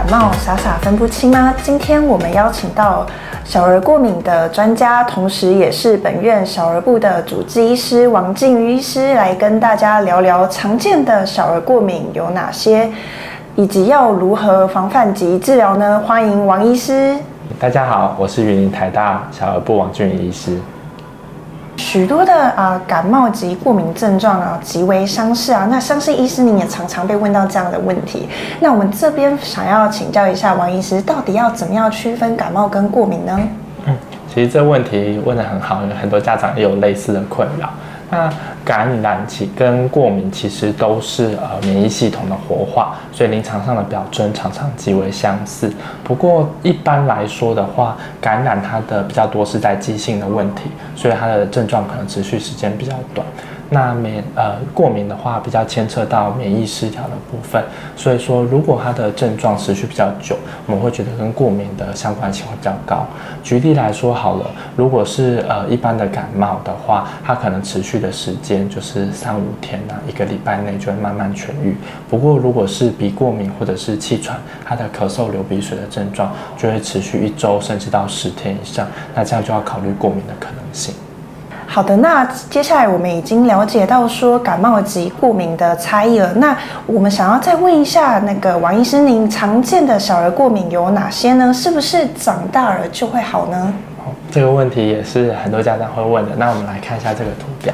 感冒傻傻分不清嗎？今天我們邀請到小兒過敏的專家，同時也是本院小兒部的主治醫師王敬瑜醫師，來跟大家聊聊常見的小兒過敏有哪些，以及要如何防範及治療呢？歡迎王醫師。大家好，我是雲林台大小兒部王敬瑜醫師。許多的啊、呃、感冒及過敏症狀啊極為相似啊，那相信醫師您也常常被問到這樣的問題。那我們這邊想要請教一下王醫師，到底要怎麼樣區分感冒跟過敏呢？嗯，其實這問題問得很好，有很多家長也有類似的困擾。那感染其跟過敏其實都是呃免疫系統的活化，所以臨床上的表徵常常極為相似。不過一般來說的話，感染它的比較多是在急性的問題，所以它的症狀可能持續時間比較短。那免呃過敏的話，比較牽涉到免疫失調的部分，所以說如果他的症狀持續比較久，我們會覺得跟過敏的相關性會比較高。舉例來說好了，如果是呃一般的感冒的話，它可能持續的時間就是三五天吶、啊，一個禮拜內就會慢慢痊癒。不過如果是鼻過敏或者是氣喘，它的咳嗽、流鼻水的症狀就會持續一週，甚至到十天以上，那這樣就要考慮過敏的可能性。好的，那接下來我們已經了解到說感冒及過敏的差異了。那我們想要再問一下，那個王醫生，您常見的小兒過敏有哪些呢？是不是長大了就會好呢？哦，這個問題也是很多家長會問的。那我們來看一下這個圖表，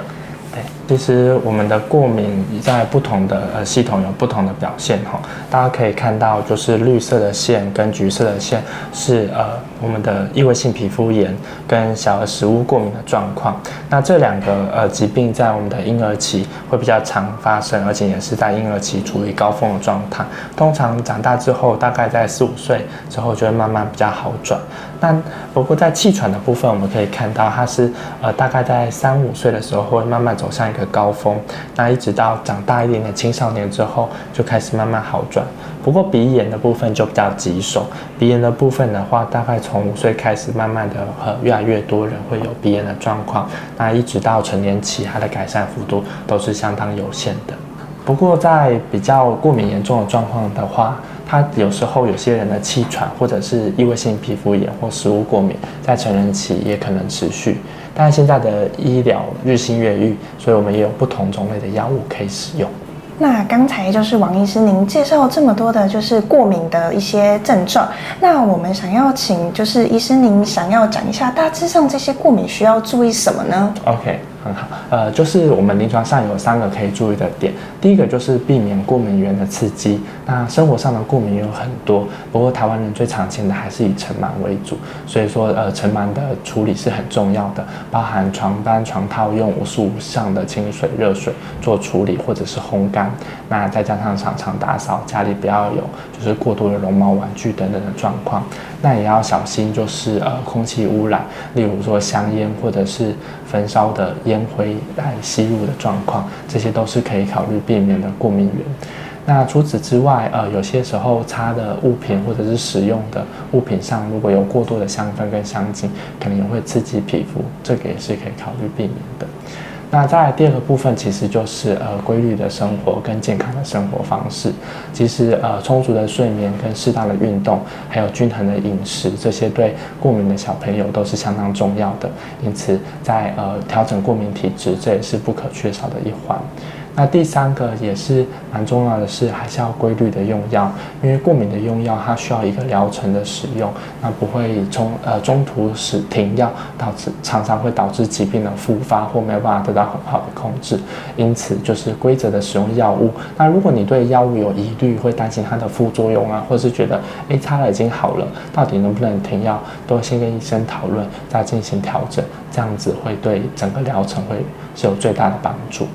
對。其實我們的過敏在不同的呃系統有不同的表現哈、哦，大家可以看到，就是綠色的線跟橘色的線是呃我們的異位性皮膚炎跟小兒食物過敏的狀況。那這兩個呃疾病在我們的嬰兒期會比較常發生，而且也是在嬰兒期處於高峰的狀態。通常長大之後大概在四五歲之後就會慢慢比較好轉。那不過在氣喘的部分，我們可以看到它是呃大概在三五歲的時候會慢慢走向一個高峰，那一直到長大一點的青少年之後，就開始慢慢好轉。不過鼻炎的部分就比較棘手，鼻炎的部分的話，大概從五歲開始，慢慢的和、呃、越來越多人會有鼻炎的狀況，那一直到成年期，它的改善幅度都是相當有限的。不過，在比較過敏嚴重的狀況的話，它有時候有些人的氣喘或者是異位性皮膚炎或食物過敏，在成人期也可能持續。但現在的醫療日新月異，所以我們也有不同種類的藥物可以使用。那剛才就是王醫師，您介紹這麼多的就是過敏的一些症狀。那我們想要請就是醫師，您想要講一下，大致上這些過敏需要注意什麼呢？OK。嗯、好，呃，就是我們臨床上有三個可以注意的點，第一個就是避免過敏原的刺激。那生活上的過敏有很多，不過台灣人最常見的還是以塵蟎為主，所以說呃塵蟎的處理是很重要的，包含床單、床套用五十度以上的清水、熱水做處理，或者是烘乾。那再加上常常打掃，家裡不要有就是過多的絨毛玩具等等的狀況。那也要小心就是呃空氣污染，例如說香菸或者是焚燒的煙。煙灰來吸入的狀況，這些都是可以考慮避免的過敏源。那除此之外，呃，有些時候擦的物品或者是使用的物品上，如果有過多的香氛跟香精，可能也會刺激皮膚，這個也是可以考慮避免的。那在第二個部分，其實就是呃規律的生活跟健康的生活方式。其實呃充足的睡眠跟適當的運動，還有均衡的飲食，這些對過敏的小朋友都是相當重要的。因此在，在呃調整過敏體質，這也是不可缺少的一環。那第三個也是蠻重要的，是還是要規律的用藥，因為過敏的用藥它需要一個療程的使用，那不會中呃中途使停藥，導致常常會導致疾病的復發或沒有辦法得到很好的控制。因此就是規則的使用藥物。那如果你對藥物有疑慮，會擔心它的副作用啊，或者是覺得哎，擦了已經好了，到底能不能停藥，都先跟醫生討論，再進行調整，這樣子會對整個療程會是有最大的幫助。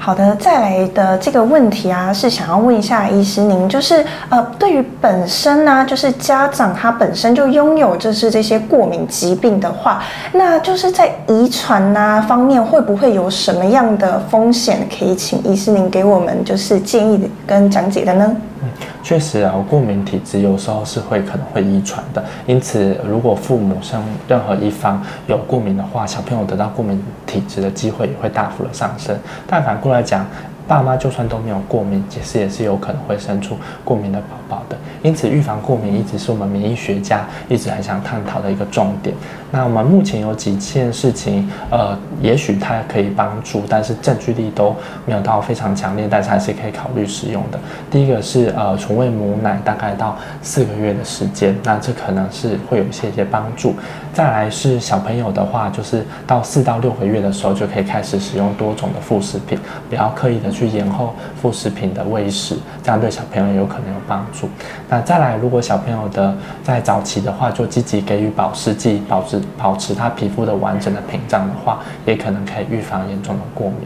好的，再來的這個問題啊，是想要問一下醫師您，就是呃，對於本身呢，就是家長他本身就擁有就是這些過敏疾病的話，那就是在遺傳吶方面，會不會有什麼樣的風險？可以請醫師您給我們就是建議跟講解的呢？嗯，確實啊，過敏體質有時候是會可能會遺傳的，因此如果父母生任何一方有過敏的話，小朋友得到過敏體質的機會也會大幅的上升。但反過來講。爸媽就算都沒有過敏，其實也是有可能會生出過敏的寶寶的。因此，預防過敏一直是我們免疫學家一直很想探討的一個重點。那我們目前有幾件事情，呃，也許它可以幫助，但是證據力都沒有到非常強烈，但是還是可以考慮使用的。第一個是呃，純餵母奶，大概到四個月的時間，那這可能是會有一些一些幫助。再來是小朋友的話，就是到四到六個月的時候，就可以開始使用多種的副食品，不要刻意的去延後副食品的餵食，這樣對小朋友有可能有幫助。那再來，如果小朋友的在早期的話，就積極給予保濕劑，保持保持他皮膚的完整的屏障的話，也可能可以預防嚴重的過敏。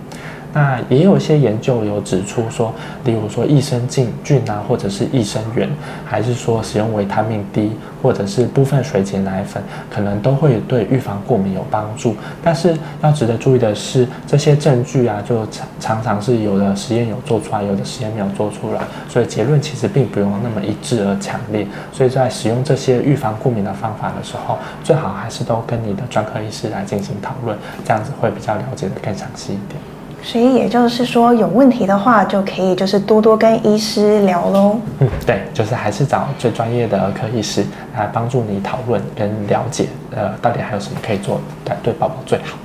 那也有一些研究有指出說，例如說益生菌菌啊，或者是益生元，還是說使用維他命 D，或者是部分水解奶粉，可能都會對預防過敏有幫助。但是要值得注意的是，這些證據啊，就常常是有的實驗有做出來，有的實驗沒有做出來，所以結論其實並不用那麼一致而強烈。所以在使用這些預防過敏的方法的時候，最好還是都跟你的專科醫師來進行討論，這樣子會比較了解得更詳細一點。所以也就是說，有問題的話就可以就是多多跟醫師聊嘍。嗯，對，就是還是找最專業的兒科醫師來幫助你討論跟了解，呃，到底還有什麼可以做，對，對寶寶最好。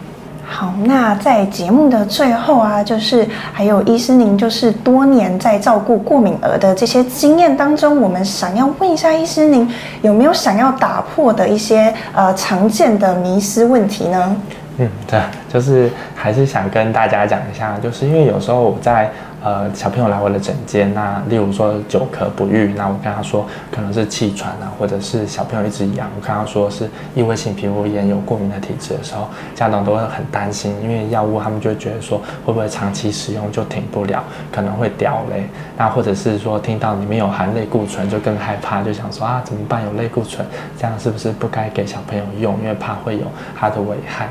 好，那在節目的最後啊，就是還有醫師您就是多年在照顧過敏兒的這些經驗當中，我們想要問一下醫師您有沒有想要打破的一些呃常見的迷思問題呢？嗯，對，就是還是想跟大家講一下，就是因為有時候我在呃小朋友來我的診間，那例如說久咳不癒，那我跟他說可能是氣喘啊，或者是小朋友一直癢，我跟他說是異位性皮膚炎，有過敏的體質的時候，家長都會很擔心，因為藥物他們就會覺得說，會不會長期使用就停不了，可能會掉嘞。那或者是說聽到裡面有含類固醇就更害怕，就想說啊怎麼辦，有類固醇，這樣是不是不該給小朋友用，因為怕會有它的危害。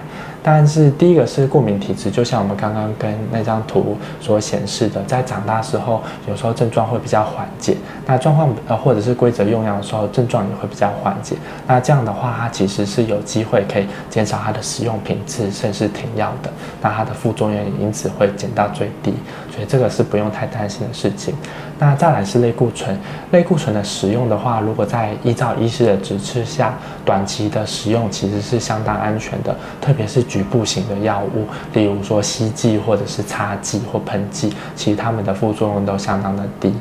但是第一個是過敏體質，就像我們剛剛跟那張圖所顯示的，在長大的時候有時候症狀會比較緩解，那狀況呃或者是規則用藥的時候症狀也會比較緩解，那這樣的話它其實是有機會可以減少它的使用頻次，甚至停藥的，那它的副作用也因此會減到最低，所以這個是不用太擔心的事情。那再來是類固醇，類固醇的使用的話，如果在依照醫師的指示下，短期的使用其實是相當安全的，特別是局部型的藥物，例如說吸劑或者是擦劑或噴劑，其實它們的副作用都相當的低。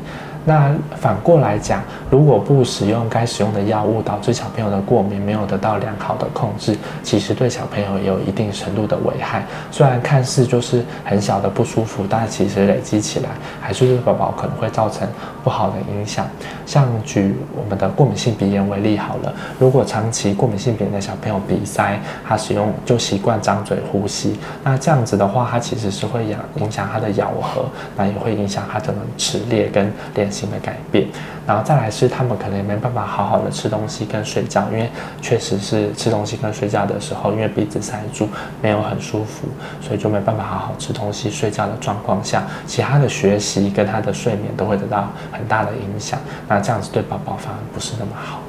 那反過來講，如果不使用該使用的藥物，導致小朋友的過敏沒有得到良好的控制，其實對小朋友也有一定程度的危害。雖然看似就是很小的不舒服，但其實累積起來，還是對寶寶可能會造成。不好的影響，像舉我們的過敏性鼻炎為例好了，如果長期過敏性鼻炎的小朋友鼻塞，他使用就習慣張嘴呼吸，那這樣子的話，他其實是會影影響他的咬合，那也會影響他整個齒列跟臉型的改變。然後再來是，他們可能也沒辦法好好的吃東西跟睡覺，因為確實是吃東西跟睡覺的時候，因為鼻子塞住，沒有很舒服，所以就沒辦法好好吃東西、睡覺的狀況下，其他的學習跟他的睡眠都會得到很大的影響。那這樣子對寶寶反而不是那麼好。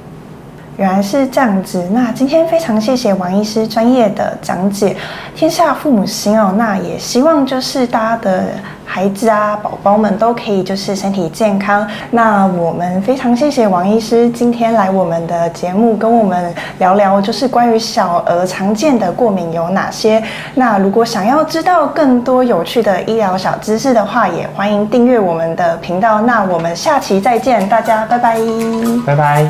原來是這樣子，那今天非常謝謝王醫師專業的講解，天下父母心哦。那也希望就是大家的孩子啊，寶寶們都可以就是身體健康。那我們非常謝謝王醫師今天來我們的節目，跟我們聊聊就是關於小兒常見的過敏有哪些。那如果想要知道更多有趣的醫療小知識的話，也歡迎訂閱我們的頻道。那我們下期再見，大家拜拜，拜拜。